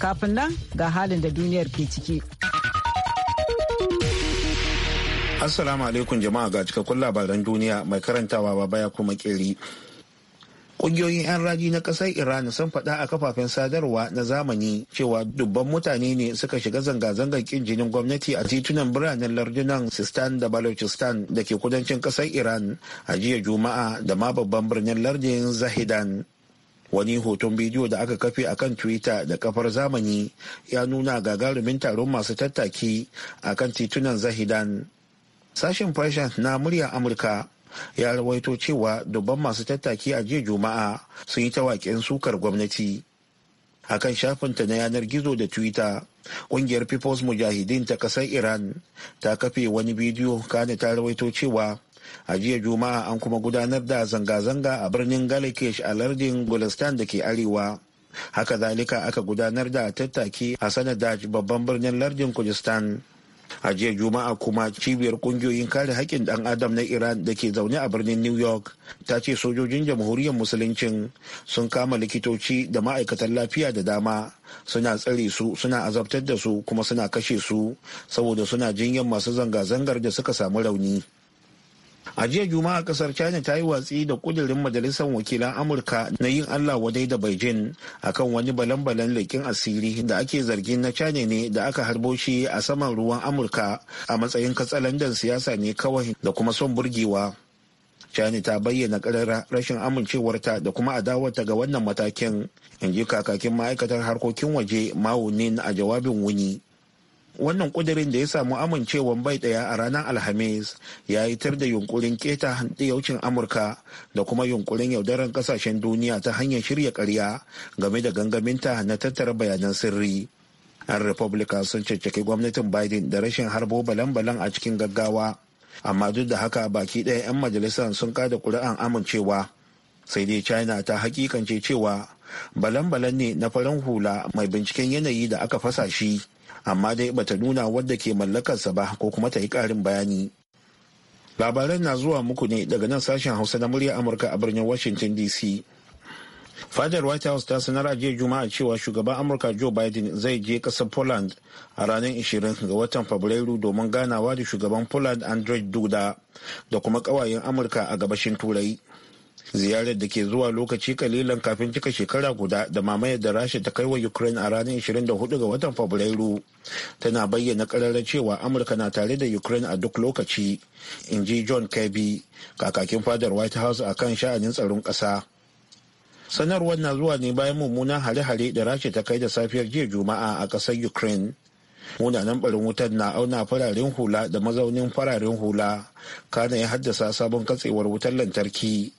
Kafin nan ga halin da duniyar ke ciki. Assalamu alaikum jama'a ga cikakkun labaran duniya mai karantawa baba ya kuma kiri. Ƙungiyoyin 'yan raji na ƙasar Iran sun faɗa a kafafen sadarwa na zamani cewa dubban mutane ne suka shiga zanga-zangar ƙin jinin gwamnati a titunan biranen lardunan Sistan da Balochistan da ke kudancin ƙasar Iran a jiya Juma'a da ma babban birnin lardin Zahidan. wani hoton bidiyo da aka kafe a kan twitter da kafar zamani ya nuna gagarumin taron masu tattaki a kan titunan zahidan sashen fashion na muryar amurka ya rawaito cewa dubban masu tattaki a jiya juma'a sun yi tawakin sukar gwamnati a kan shafinta na yanar gizo da twitter kungiyar people's mujahideen ta kasar iran ta kafe wani bidiyo kane ta rawaito cewa a jiya juma'a an kuma gudanar da zanga-zanga a birnin galikesh a lardin gulistan da ke arewa haka zalika aka gudanar da tattaki a sanadaj babban birnin lardin kurdistan a jiya juma'a kuma cibiyar kungiyoyin kare haƙƙin ɗan adam na iran da ke zaune a birnin new york ta ce sojojin jamhuriyar musuluncin sun kama likitoci da ma'aikatan lafiya da dama suna tsare su suna azabtar da su kuma suna kashe su saboda suna jinyar masu zanga-zangar da suka samu rauni a jiya juma'a kasar china ta yi watsi da kudirin majalisar wakilan amurka na yin allah wadai da beijing akan wani balan-balan leƙin asiri da ake zargin na china ne da aka harbo shi a saman ruwan amurka a matsayin katsalandan siyasa ne kawai da kuma son burgewa china ta bayyana karara rashin amincewarta da kuma adawarta ga wannan matakin in ji kakakin ma'aikatar harkokin waje mawunin a jawabin wuni wannan kudirin da ya samu amincewan bai daya a ranar alhamis ya yi tar da yunkurin keta yaucin amurka da kuma yunkurin yaudarar kasashen duniya ta hanyar shirya karya game da gangaminta na tattara bayanan sirri an republican sun caccaki gwamnatin biden da rashin harbo balan-balan a cikin gaggawa amma duk da haka baki ɗaya 'yan majalisar sun kada kuri'an amincewa sai dai china ta hakikance cewa balan-balan ne na farin hula mai binciken yanayi da aka fasa shi amma dai bata nuna wadda ke mallakarsa ba ko kuma ta yi karin bayani labaran na zuwa muku ne daga nan sashen hausa na murya amurka a birnin washington dc fadar white house ta sanar a jiya juma'a cewa shugaban amurka joe biden zai je kasar poland a ranar ishirin ga watan fabrairu domin ganawa da shugaban poland andrej duda da kuma kawayen amurka a gabashin turai ziyarar da ke zuwa lokaci kalilan kafin cika shekara guda da mamayar da rasha ta kai wa ukraine a ranar 24 ga watan fabrairu tana bayyana kararra cewa amurka na tare da ukraine a duk lokaci in ji john kirby kakakin fadar white house a kan sha'anin tsaron ƙasa sanarwar na zuwa ne bayan mummunan hare-hare da rasha ta kai da safiyar jiya juma'a a ƙasar ukraine munanan barin wutar na auna fararen hula da mazaunin fararen hula kana ya haddasa sabon katsewar wutar lantarki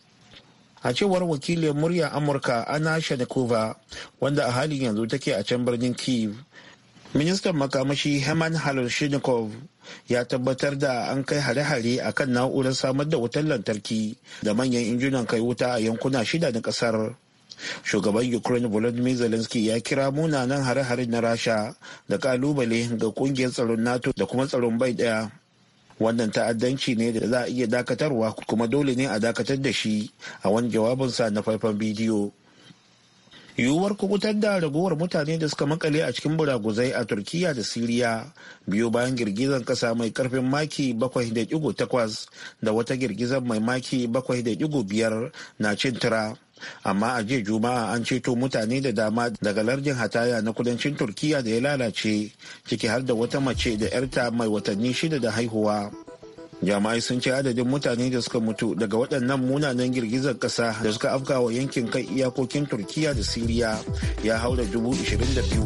a cewar wakilin murya amurka ana shanikova wanda a halin yanzu take a can birnin kiev ministan makamashi heman halushinikov ya tabbatar da an kai hare-hare a kan na'urar samar da wutar lantarki da manyan injunan kai wuta a yankuna shida na kasar shugaban ukraine volodymyr zelensky ya kira munanan hare-hare na rasha da kalubale ga kungiyar tsaron nato da kuma tsaron bai daya wannan ta'addanci ne da za a iya dakatarwa kuma dole ne a dakatar da shi a wani jawabinsa na faifan bidiyo yiwuwar kukutar da ragowar mutane da suka makale a cikin buraguzai a turkiya da siriya biyu bayan girgizar kasa mai karfin maki 7.8 da wata girgizar mai maki 7.5 na cin tura amma a jiya juma'a an ceto mutane da dama daga larjin hataya na kudancin turkiya da ya lalace ciki har da wata mace da 'yarta mai watanni shida da haihuwa jama'ai sun ce adadin mutane da suka mutu daga waɗannan munanan girgizar ƙasa da suka afka wa yankin kai iyakokin turkiya da siriya ya haura dubu biyu.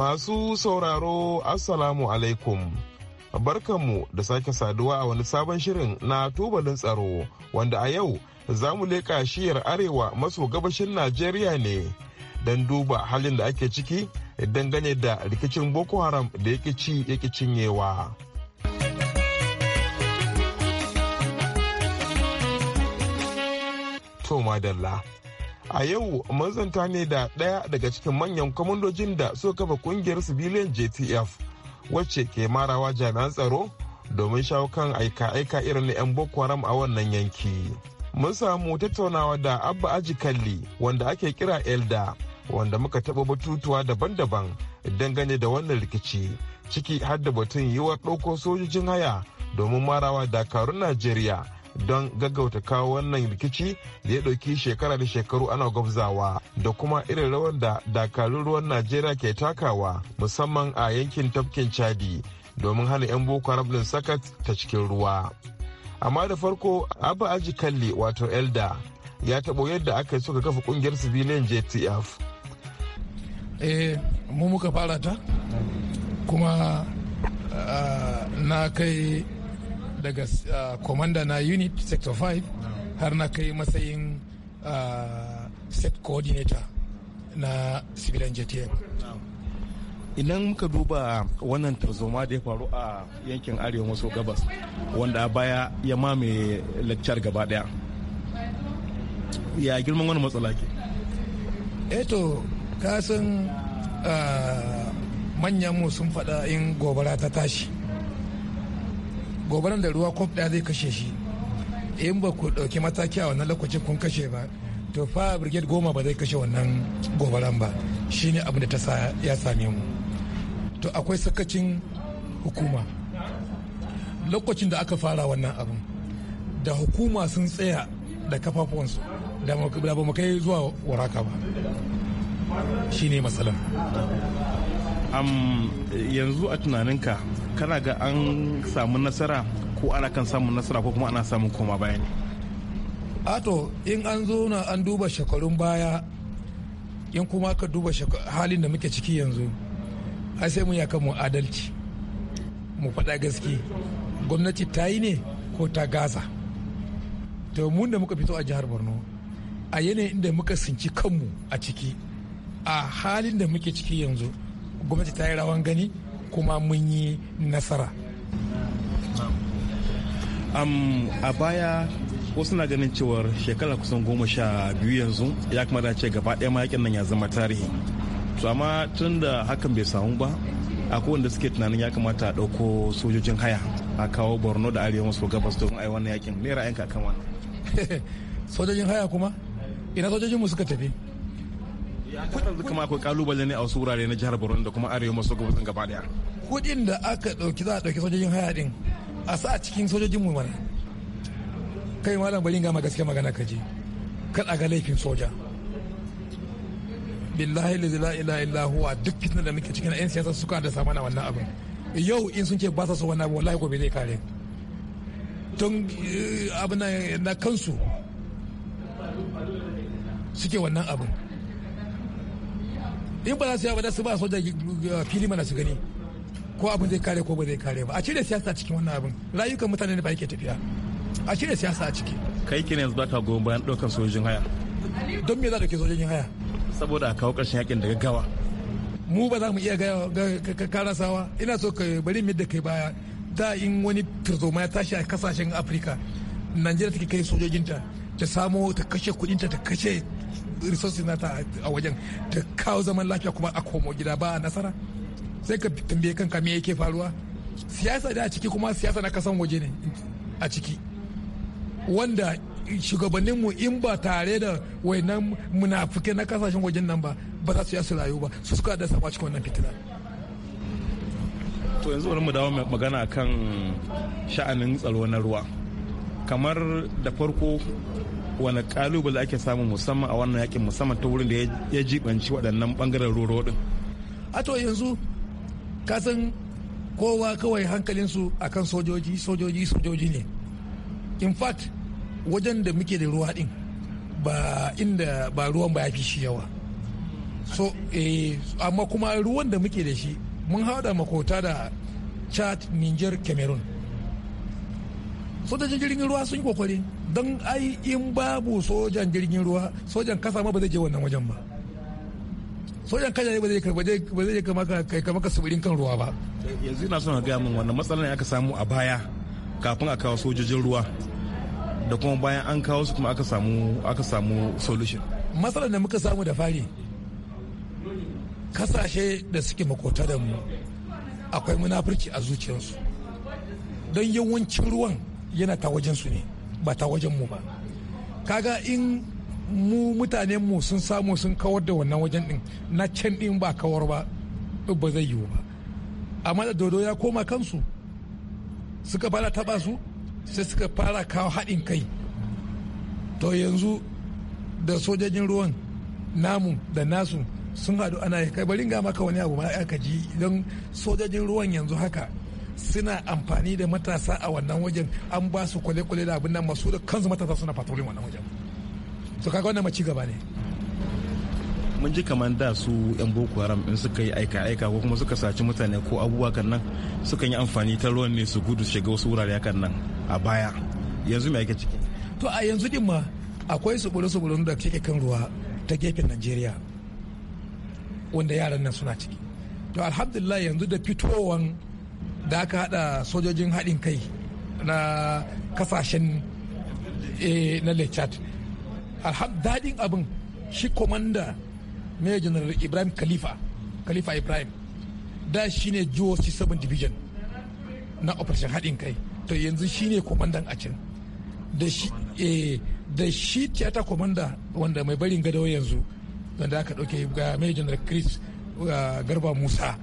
Masu sauraro Assalamu alaikum. Barkanmu da sake saduwa a wani sabon shirin na tubalin tsaro wanda a yau za mu leƙa shiyar arewa maso gabashin Najeriya ne don duba halin da ake ciki dangane da rikicin Boko Haram da yake ci yake cinyewa. To madalla. a yau mazanta ne da ɗaya daga cikin manyan kwamandojin da suka kafa kungiyar civilian jtf wacce ke marawa jami'an tsaro domin shawo kan aika-aika irin na 'yan boko haram a wannan yanki mun samu tattaunawa da abba aji kalli wanda ake kira elda wanda muka taɓa batutuwa daban-daban dangane da wannan rikici ciki har da batun yiwuwar ɗauko sojojin haya domin marawa dakarun najeriya don gaggauta kawo wannan rikici da ya ɗauki shekara da shekaru ana gwabzawa da kuma irin rawar da dakarun ruwan najeriya ke takawa musamman a yankin tafkin chadi domin hana 'yan boko haram din sakat ta cikin ruwa amma da farko abu aji kalli wato elda ya taɓo yadda aka yi suka kafa kungiyar civilian jtf eh mu muka fara ta kuma ah, na kai daga uh, commander na unit sector 5 har na kai matsayin uh, set coordinator na civilian jtm idan muka duba wannan tarzoma da ya faru a yankin arewa maso gabas wanda a baya ya mamaye lakcar gaba daya ya girman wani matsala ke eto eh kasan uh, manyan mu sun faɗa in gobara ta tashi gobaran da ruwa kwaf ɗaya zai kashe shi in ba ku ɗauki mataki a wannan lokacin kun kashe ba to fa brigade goma ba zai kashe wannan gobaran ba shine abin da ta sa ya same mu to akwai sakacin hukuma lokacin da aka fara wannan abin da hukuma sun tsaya da kafafuwansu da ba mu kai zuwa waraka ba shine matsalan yanzu a tunaninka kana ga an samu nasara ko ana kan samun nasara ko kuma ana samun koma baya ne ato in an zo na an duba shekarun baya in kuma ka duba halin da muke ciki yanzu ai sai mu ya yaka mu adalci mu faɗa gaske gwamnati ta yi ne ko ta gaza to mun da muka fito a jihar borno a yanayin da muka sinci kanmu a ciki a halin da muke ciki yanzu gwamnati ta yi rawan gani kuma mun yi nasara um, a baya wasu na ganin cewar shekara kusan goma sha biyu yanzu ya kuma dace gaba ɗaya mayakin nan ya zama tarihi to amma tun da hakan bai samu ba a wanda suke tunanin ya kamata a ɗauko sojojin haya a kawo borno da arewa maso gabas domin a yi wannan yakin me ra'ayinka kan wannan sojojin haya kuma ina sojojin mu suka tafi kuɗin kuma akwai kalubale ne a wasu wurare na jihar borno da kuma arewa maso gabasin gaba daya kuɗin da aka ɗauki za a ɗauki sojojin haya din a sa cikin sojojin mu mana kai malam bari ga gaske magana ka je kar a ga laifin soja billahi la ilaha illa huwa duk fitna da muke cikin yan siyasa suka da samana wannan abin yau in sun ce ba sa so wannan abu wallahi gobe zai kare Tun eh, abin na kansu suke wannan abin in ba za su yawa da su ba soja eh, fili mana su gani ko abin zai kare ko ba zai kare ba a cire siyasa cikin wannan abin rayukan mutane ne ba yake tafiya a cire siyasa a ciki kai kina yanzu ka goyon bayan ɗaukar sojojin haya don me za ka sojojin haya saboda a kawo ƙarshen yakin da gaggawa mu ba za mu iya karasawa ina so ka bari mu da kai baya da in wani turzoma ya tashi a kasashen afirka najeriya take kai sojojinta ta samo ta kashe kudinta ta kashe resources ta a wajen ta kawo zaman lafiya kuma a komo gida ba nasara sai ka tambaye kanka me yake faruwa siyasa da a ciki kuma siyasa na kasan waje ne a ciki wanda shugabanninmu in ba tare da wainan munafuke na kasashen wajen nan ba ba za su yasu rayu ba su suka da sama cikin wannan fitila to yanzu wani mu dawo magana kan sha'anin tsaro na ruwa kamar da farko wani kalubale ake samu musamman a wannan yakin musamman ta wurin da ya jibanci waɗannan bangaren roro din a to yanzu kasan kowa kawai hankalinsu kan sojoji sojoji sojoji ne in fact wajen da muke da ruwa din ba inda ba ruwan ba ya fi shi yawa so eh, amma kuma ruwan da muke da shi mun hada makota da chad niger cameroon sojojin jirgin ruwa sun yi kokari don ai in babu sojan jirgin ruwa sojan kasa ma ba zai je wannan wajen ba sojan kaja ne ba zai ba zai kama ka kama ka subirin kan ruwa ba yanzu ina son ga min wannan matsalar ne aka samu a baya kafin a kawo sojojin ruwa da kuma bayan an kawo su kuma aka samu aka samu solution matsalar da muka samu da fari kasashe da suke makota da mu akwai munafurci a zuciyarsu don yawancin ruwan yana ta wajen su ne ba ta wajen mu ba kaga in mu mutanen mu sun samu sun kawar da wannan wajen din na can din ba kawar ba ba zai yiwu ba amma da dodo ya koma kansu suka fara taba su sai suka fara kawo haɗin kai to yanzu da sojojin ruwan namu da nasu sun haɗu ana kai bari ga maka wani abu ma aka ji don sojojin ruwan yanzu haka suna amfani da matasa a wannan wajen an ba su kwale-kwale da abin nan masu da kansu matasa suna patrolin wannan wajen so kaga wannan maci gaba ne mun ji kamar da su yan boko haram in suka yi aika-aika ko kuma suka saci mutane ko abubuwa kan nan suka yi amfani ta ruwan ne su gudu shiga wasu wurare kan nan a baya yanzu mai ake ciki to a yanzu din ma akwai subulu-subulun da ke kan ruwa ta gefen najeriya wanda yaran nan suna ciki to alhamdulillah yanzu da fitowan da aka hada sojojin haɗin kai na kasashen eh, na lechat daɗin abin shi komanda mai general ibrahim khalifa khalifa ibrahim da shi ne goc 7 division na operation haɗin kai to yanzu shi ne komandan a can da shi ta eh, komanda wanda mai barin gado yanzu wanda aka ɗauke ga mai general chris eh, garba musa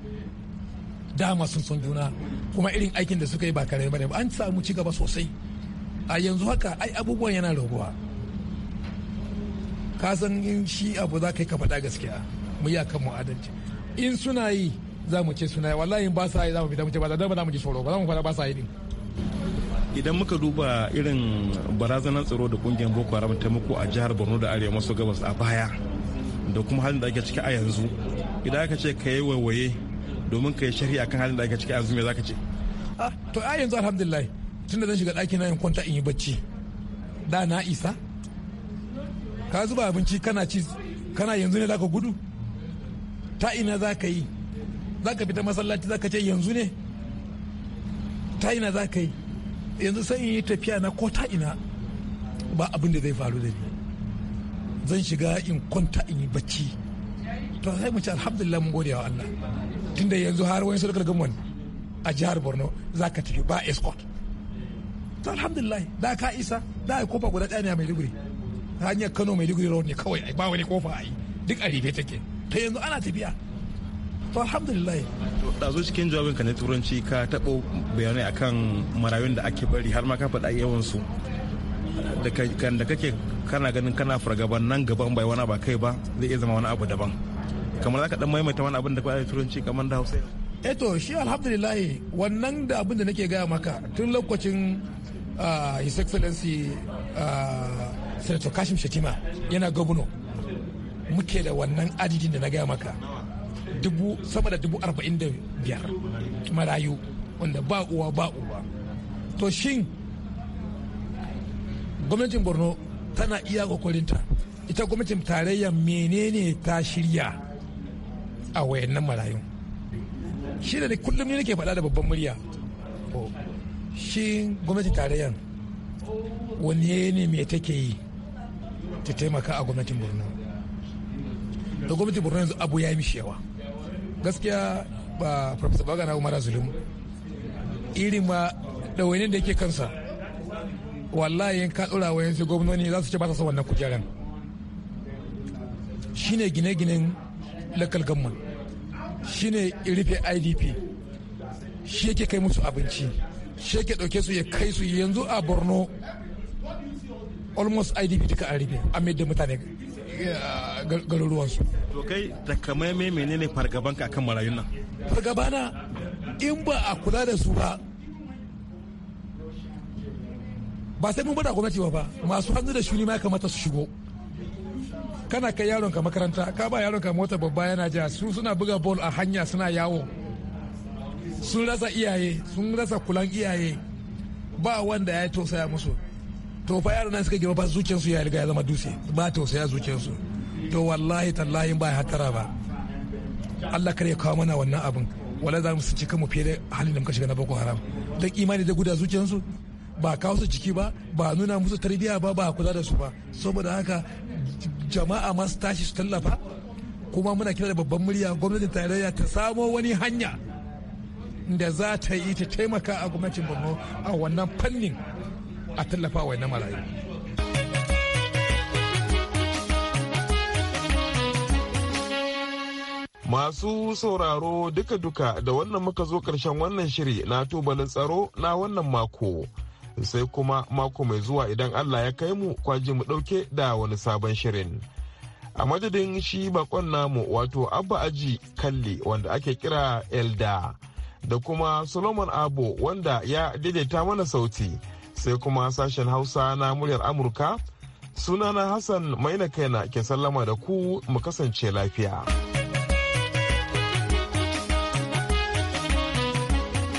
dama sun san juna kuma irin aikin da suka yi ba kare ba an samu ci gaba sosai a yanzu haka ai abubuwan yana raguwa ka san in shi abu za ka yi ka faɗa gaskiya mu yi akan mu in suna yi za mu ce suna yi wallahi ba sa yi za mu fita mu ce ba za mu ji tsoro ba za mu faɗa ba sa yi din idan muka duba irin barazanar tsaro da kungiyar boko haram ta muku a jihar borno da arewa maso gabas a baya da kuma halin da ake ciki a yanzu idan aka ce ka yi waiwaye domin ka yi shari'a kan halin da ake ciki yanzu me zaka ce ah to a yanzu alhamdulillah tunda zan shiga ɗakin na yin kwanta in yi bacci da na isa ka zuba abinci kana ci kana yanzu ne zaka gudu ta ina zaka yi zaka fita masallaci zaka ce yanzu ne ta ina zaka yi yanzu sai in yi tafiya na ko ta ina ba abin da zai faru da ni zan shiga in kwanta in yi bacci to sai mu ce alhamdulillah mun gode wa Allah tunda yanzu har wani sadakar gamman a jihar borno za ka tafi ba escort to alhamdulillah da ka isa da a kofa guda ɗaya ne a maiduguri hanyar kano maiduguri road ne kawai ba wani kofa a yi duk a ribe take ta yanzu ana tafiya to alhamdulillah ɗazu cikin jawabin ka na turanci ka taɓo bayanai akan marayun da ake bari har ma ka faɗa yawan su da kake kana ganin kana fargaban nan gaban bai wani ba kai ba zai iya zama wani abu daban kamar za ka dan maimaita wani abin da ka turanci kamar da hausa eto eh shi alhamdulillah wannan da abin da nake gaya maka tun lokacin ah, his excellency ah, senator kashim shatima yana gwamno muke da wannan adadin da na gaya maka dubu sama da dubu arba'in da biyar marayu wanda ba uwa ba uwa to shin gwamnatin borno tana iya kokarinta ita gwamnatin tarayya menene ta shirya a wayannan marayun shi da kullum ne nake faɗa da babban murya shi gwamnati tarayyar wani ne me take yi ta taimaka a gwamnatin borno da gwamnatin borno yanzu abu ya yi mishi yawa gaskiya ba farfasa ba gana umara zulum irin ma ɗawainin da yake kansa wallahi in ka ɗora yanzu gwamnoni za su ce ba sa son wannan kujeran shine gine-ginen local government shine rufe idp shi yake kai musu abinci shi yake ɗauke su ya kai su yanzu a borno almost idp duka a rufe a mai da mutane garuruwansu to kai takamaimai menene fargabanka kan marayun nan fargabana in ba a kula da su ba ba sai mun bada gwamnati ba masu hannu da shuni ma ya kamata su shigo kana kai yaron ka makaranta ka ba yaron ka mota babba yana ja su suna buga ball a hanya suna yawo sun rasa iyaye sun rasa kulan iyaye ba wanda ya tosaya musu to fa yaron nan suka gima ba zuciyarsu ya riga ya zama dutse ba tosaya zuciyarsu to wallahi tallahi ba tara ba Allah kare ya kawo mana wannan abin wala za mu su cika mu fiye da halin da muka shiga na boko haram duk imani da guda zuciyarsu ba kawo su ciki ba ba nuna musu tarbiyya ba ba kula da su ba saboda haka jama'a masu tashi su tallafa kuma muna kira da babban murya gwamnatin tarayya ta samo wani hanya da za ta yi ta taimaka a gwamnatin borno a wannan fannin a tallafa wa na marayu Masu sauraro duka-duka da wannan muka zo karshen wannan shiri na tubalin tsaro na wannan mako. sai kuma mako mai zuwa idan allah ya kai mu kwaji mu dauke da wani sabon shirin a madadin shi bakon namu wato abba aji kalli wanda ake kira elda da kuma solomon abo wanda ya daidaita mana sauti sai kuma sashen hausa na muryar amurka sunana hassan maina kaina ke sallama da ku mu kasance lafiya.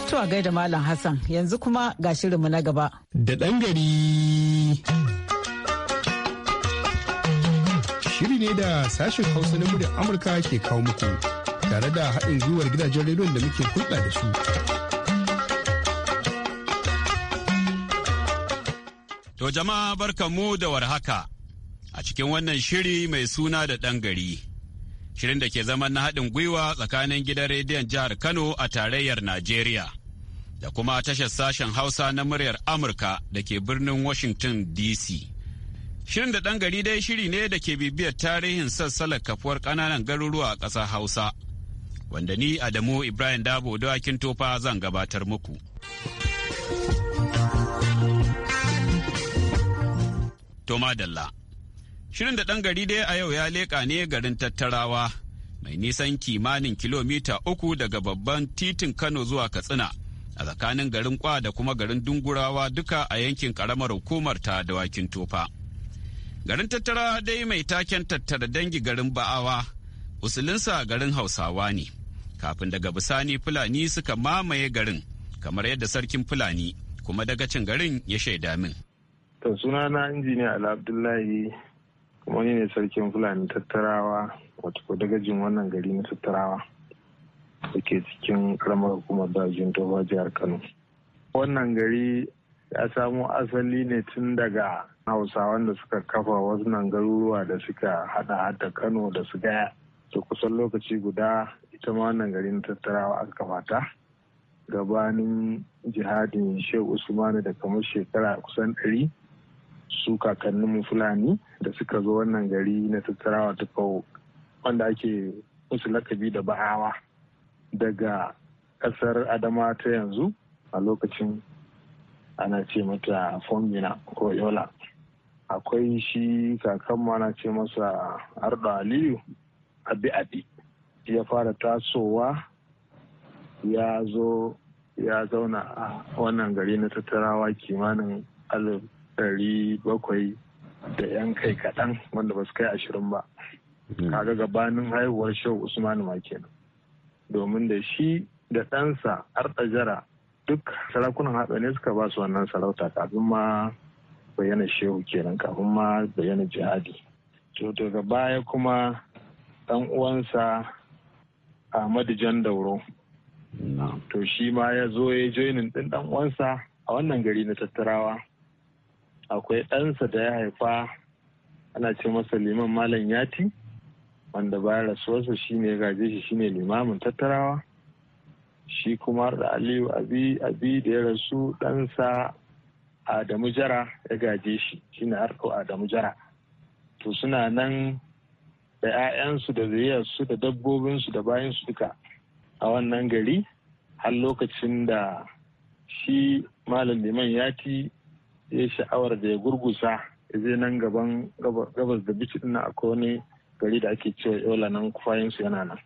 To gaida Malam Hassan yanzu kuma ga shirinmu na gaba. Da ɗan gari. Shiri ne da sashen Hausa na muryar Amurka ke kawo muku tare da haɗin gwiwar gidajen rediyon da muke hulɗa da su. To jama'a mu da warhaka a cikin wannan shiri mai suna da ɗan gari. Shirin da ke zama na haɗin gwiwa tsakanin gidan rediyon jihar Kano a tarayyar Najeriya. da kuma tashar sashen Hausa na muryar Amurka da ke birnin Washington DC. Shirin da ɗan gari dai shiri ne da ke bibiyar tarihin sassalar kafuwar ƙananan garuruwa a ƙasar Hausa, wanda ni Adamu Ibrahim Dabo dawakin tofa zan gabatar muku. Toma Dalla Shirin da ɗan gari dai a yau ya leƙa ne garin tattarawa mai nisan kimanin kilomita uku daga babban titin Kano zuwa Katsina. a tsakanin garin kwa da kuma garin dungurawa duka a yankin karamar hukumar ta dawakin tofa garin tattara dai mai taken tattara dangi garin ba'awa usulinsa garin hausawa ne kafin daga bisani fulani suka mamaye garin kamar yadda sarkin fulani kuma dagacin garin ya shaida min to suna na injiniya ala abdullahi kuma ne sarkin fulani tattarawa wato dagajin wannan gari na tattarawa da ke cikin karamar hukumar bajin toba jihar kano wannan gari ya samo asali ne tun daga hausawan da suka kafa wannan garuruwa da suka hada hada kano da su gaya to kusan lokaci guda ita ma wannan gari na tattarawa aka kamata gabanin jihadin shehu usmanu da kamar shekara kusan ɗari su kakannin fulani da suka zo wannan gari na tattarawa ta wanda ake musu lakabi da ba'awa daga ƙasar adama ta yanzu a lokacin ana ce mata fomina ko yola akwai shi kakanmu ana ce masa ardo aliyu abi abi ya fara tasowa ya zo ya zauna a wannan gari na tattarawa kimanin alif dari bakwai da yan kai kaɗan wanda ba su kai ashirin ba hmm. kaga gabanin haihuwar shehu Usmanu ma kenan domin da shi da ɗansa har artajara duk sarakunan haɗa ne suka ba su wannan sarauta kafin ma bayyana shehu kenan kafin ma bayyana jihadi to ga baya kuma ɗan uwansa ahmadu jan dauro to shi ma ya zo ya joinin ɗin ɗan uwansa a wannan gari na tattarawa akwai ɗansa da ya haifa ana ce masa liman malam yati wanda bayan rasuwarsa shine ya gaje shi shine limamin tattarawa shi kuma da aliyu abi abi da ya rasu ɗansa adamu jara ya gaje shi shi na harko adamu jara to suna nan da 'ya'yansu da zuriyarsu da dabbobinsu da bayansu duka a wannan gari har lokacin da shi malam liman ci ya sha'awar da ya gurgusa ya je nan gaban gabas da bici ɗin akwai wani gari da ake cewa yola nan kwayansu yana nan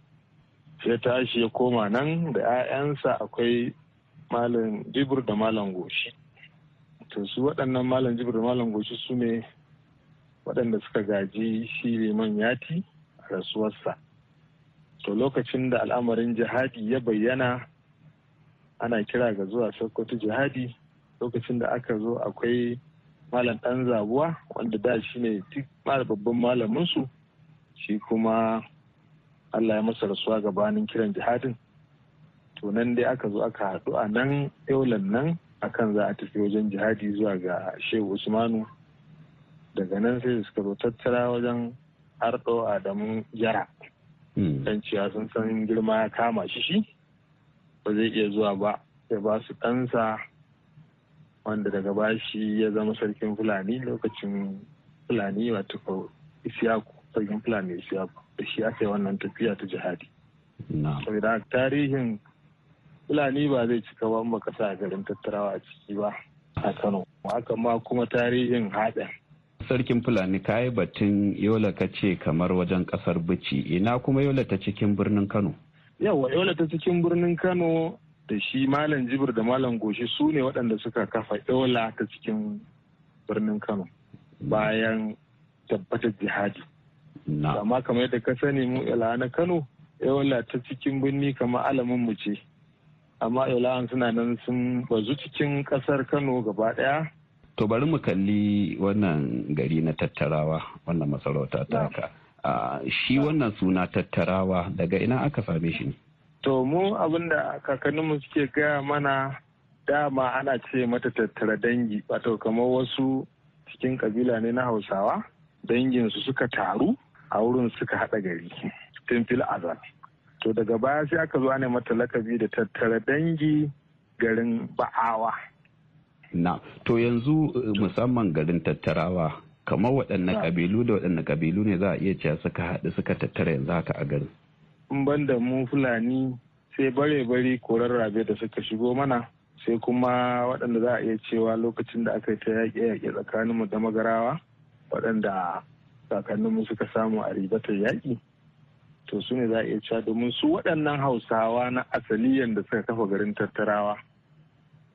sai tashi ya koma nan da 'ya'yansa akwai malam jibir da malam goshi to su waɗannan malam jibir da malam goshi su ne waɗanda suka gaji shi liman yati a rasuwarsa to lokacin da al'amarin jihadi ya bayyana ana kira ga zuwa sokoto jihadi lokacin da aka zo akwai malam ɗan zabuwa wanda da shi ne duk babban malaminsu shi kuma allah ya masa rasuwa gabanin kiran jihadin to nan dai aka zo aka haɗu a nan yaulan nan akan za a tafi wajen jihadi zuwa ga shehu usmanu daga nan sai suka zo tattara wajen harɗo adamu jara dan hmm. cewa sun san girma ya kama shi shi ba zai iya zuwa ba sai ba su ɗansa wanda daga bashi ya zama sarkin fulani lokacin fulani wato isiyaku fagen fulani da shi aka wannan tafiya ta jihadi saboda tarihin fulani ba zai cika ba kasa a garin tattarawa a ciki ba a kano haka ma kuma tarihin haɗin sarkin fulani ka yi batun yola ka ce kamar wajen kasar bici ina kuma yola ta cikin birnin kano yawa yola ta cikin birnin kano da shi malam jibir da malam goshi su ne waɗanda suka kafa yola ta cikin birnin kano bayan tabbatar jihadi amma kamar yadda ka sani mu ila na kano yawala ta cikin birni kamar alamin mu ce amma ilahan suna nan sun bazu cikin kasar kano gaba daya to bari mu kalli wannan gari na tattarawa wannan masarauta ta haka shi wannan suna tattarawa daga ina aka same shi to mu abinda kakanninmu suke gaya mana dama ana ce mata tattara dangi wato kamar wasu cikin kabila ne na hausawa danginsu suka taru a wurin suka haɗa gari tun fil to daga baya sai aka zo ne mata lakabi da tattara dangi garin ba'awa na to yanzu eh, musamman garin tattarawa kamar waɗannan kabilu da waɗannan kabilu ne za a iya cewa suka haɗu suka tattara yanzu haka a garin in ban da mu fulani sai bare bare korar rabe da suka shigo mana sai kuma waɗanda za a iya cewa lokacin da aka yi ta yaƙe yaƙe tsakanin mu da magarawa waɗanda kakanninmu suka samu a ribatar yaƙi to su ne za a iya cewa domin su waɗannan hausawa na asaliyan da suka kafa garin tattarawa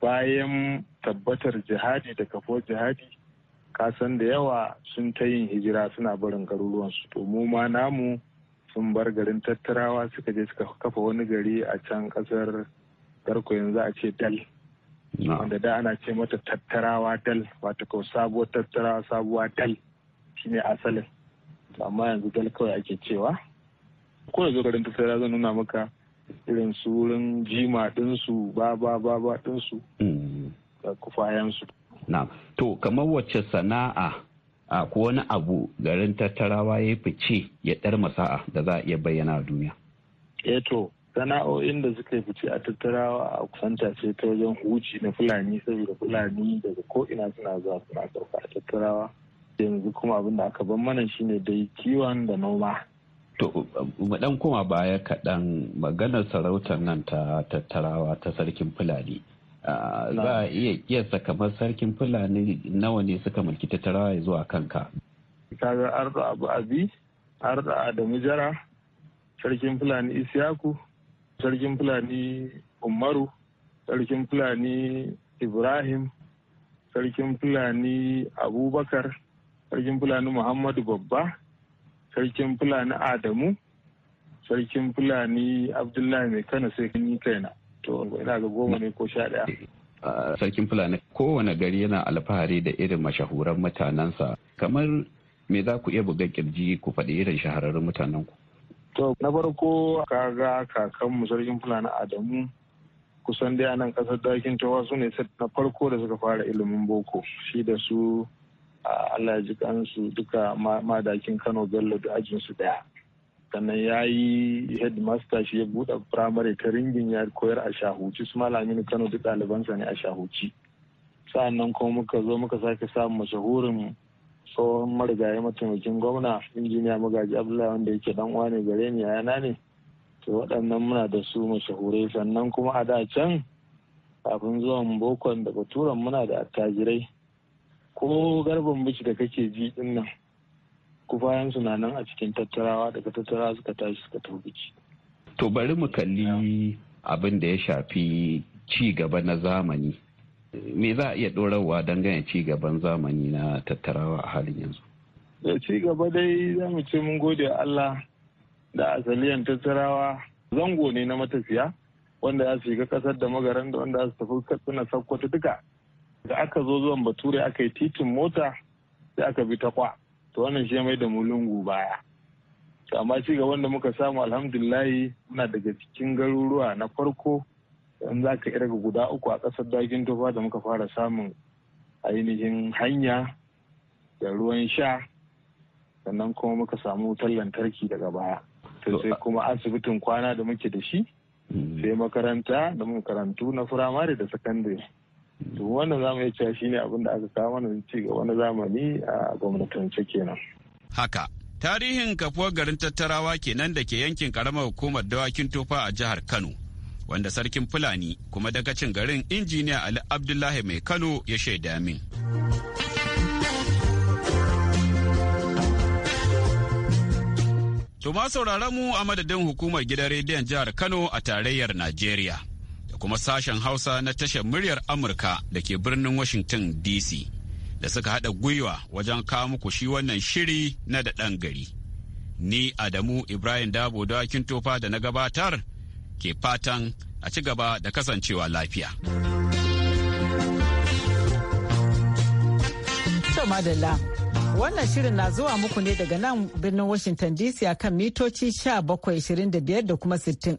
bayan tabbatar jihadi da kafuwar jihadi kasan da yawa sun ta yin hijira suna barin garuruwansu to mu ma namu sun bar garin tattarawa suka je suka kafa wani gari a can ƙasar garko yanzu a ce dal wanda da ana ce mata tattarawa dal wata sabuwar tattarawa sabuwa dal shine asalin amma yanzu dal kawai ake cewa ko da garin tattara zan nuna maka irin su wurin jima ɗinsu ba ba ba ba mm. da kufayensu na to kamar wacce sana'a a ko wani abu garin tattarawa ya fice ya dar masa'a da za a iya bayyana a duniya eh to sana'o'in da suka fice a tattarawa a kusanta ce ta wajen huci na fulani saboda fulani daga ko'ina suna zuwa suna sauka a tattarawa yanzu kuma abin da aka ban mana shine dai kiwon da noma to mu dan koma baya kaɗan maganar sarautar nan ta tattarawa ta sarkin fulani za a iya kiyasta kamar sarkin fulani nawa ne suka mulki tattarawa ya zuwa kanka kaga arda abu abi arda adamu jara sarkin fulani isyaku sarkin fulani umaru sarkin fulani ibrahim sarkin fulani abubakar sarkin fulani muhammadu babba sarkin fulani adamu sarkin fulani abdullahi mai kano sai ni kaina to ina ga goma ne ko sha daya sarkin fulani kowane gari yana alfahari da irin mashahuran mutanensa kamar me za ku iya buga kirji ku faɗi irin shahararrun mutanen ku to na farko kaga kakanmu sarkin fulani adamu kusan dai a nan kasar dakin tawa su ne na farko da suka fara ilimin boko shi da su Allah ya ji kansu duka madakin Kano Bello da ajin su daya. Sannan ya yi headmaster shi ya buɗe firamare ta ringin ya koyar a shahuci su malamin Kano duk ɗalibansa ne a shahuci. Sa'annan kuma muka zo muka sake samun mashahurin tsohon marigayi mataimakin gwamna injiniya magaji abdullahi wanda yake dan uwa ne gare ni yana ne to waɗannan muna da su mashahurai sannan kuma a da can kafin zuwan bokon da baturan muna da attajirai ko garban biki da kake ji din nan kufayen suna nan a cikin tattarawa daga tattarawa suka tashi suka tafi biki to bari mu kalli abin da ya shafi ci gaba na zamani me za a iya don ganin ci gaban zamani na tattarawa a halin yanzu da ci gaba dai za mu ce mun gode Allah da asaliyan tattarawa zango ne na matafiya wanda ya shiga kasar da magaran da wanda su tafi katsina sakkwata duka da aka zo zuwan bature aka yi titin mota sai aka bi ta kwa to wannan shi mai da mulungu baya amma ci gaban da muka samu alhamdulillahi muna daga cikin garuruwa na farko in za ka irga guda uku a ƙasar dagin tofa da muka fara samun ainihin hanya da ruwan sha sannan kuma muka samu wutar lantarki daga baya sai kuma asibitin kwana da muke da shi mm. sai makaranta da makarantu na firamare da sakandare to wannan zamu iya cewa shine abin da aka kawo mana ci gaba na zamani a gwamnatance kenan haka tarihin kafuwar garin tattarawa kenan da ke yankin karamar hukumar dawakin tofa a jihar kano wanda sarkin fulani kuma dagacin garin injiniya ali abdullahi mai kano ya shaida min To ma sauraron mu a madadin hukumar gidan rediyon jihar Kano a tarayyar Najeriya. kuma sashen Hausa na tashar muryar Amurka da ke birnin Washington DC da suka haɗa gwiwa wajen kawo muku shi wannan shiri na da ɗan gari. Ni Adamu Ibrahim Dabo da tofa da na gabatar ke fatan a ci gaba da kasancewa lafiya. Wannan shirin na zuwa muku ne daga nan birnin Washington DC a kan mitoci 1725 da kuma 60.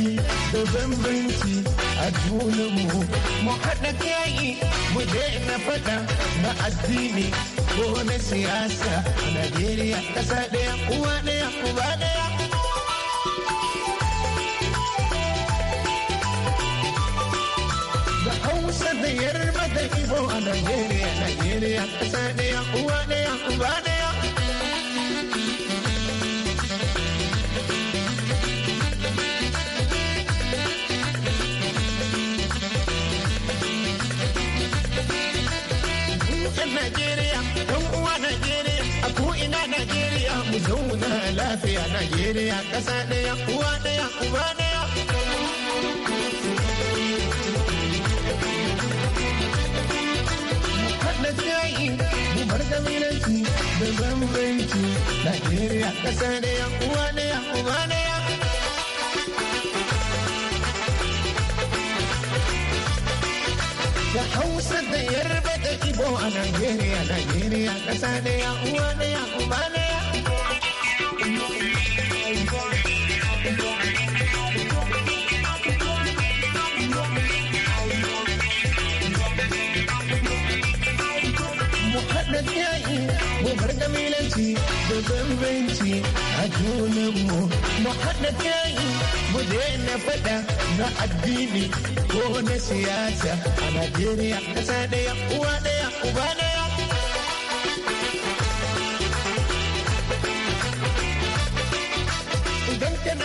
bambanci da bambanci a junanmu mu haɗa kayi mu daina faɗa na addini ko na siyasa a Najeriya ƙasa ɗaya uwa ɗaya uba ɗaya. Da Hausa da Yarba da Ibo a Najeriya, Najeriya ƙasa ɗaya uwa ɗaya uba ɗaya. mu zauna lafiya Najeriya ƙasa ɗaya uwa ɗaya uba ɗaya. Haɗa jayi mu bar ƙabilanci da bambanci Najeriya ƙasa ɗaya uwa ɗaya uba ɗaya. Da Hausa da Yarba da Ibo a Najeriya, Najeriya ƙasa ɗaya uwa ɗaya uba ɗaya. da jiyayi mu da bambanci a junanmu mu haɗa kai mu daina faɗa na addini ko na siyasa a Najeriya ƙasa ɗaya uwa ɗaya uba ɗaya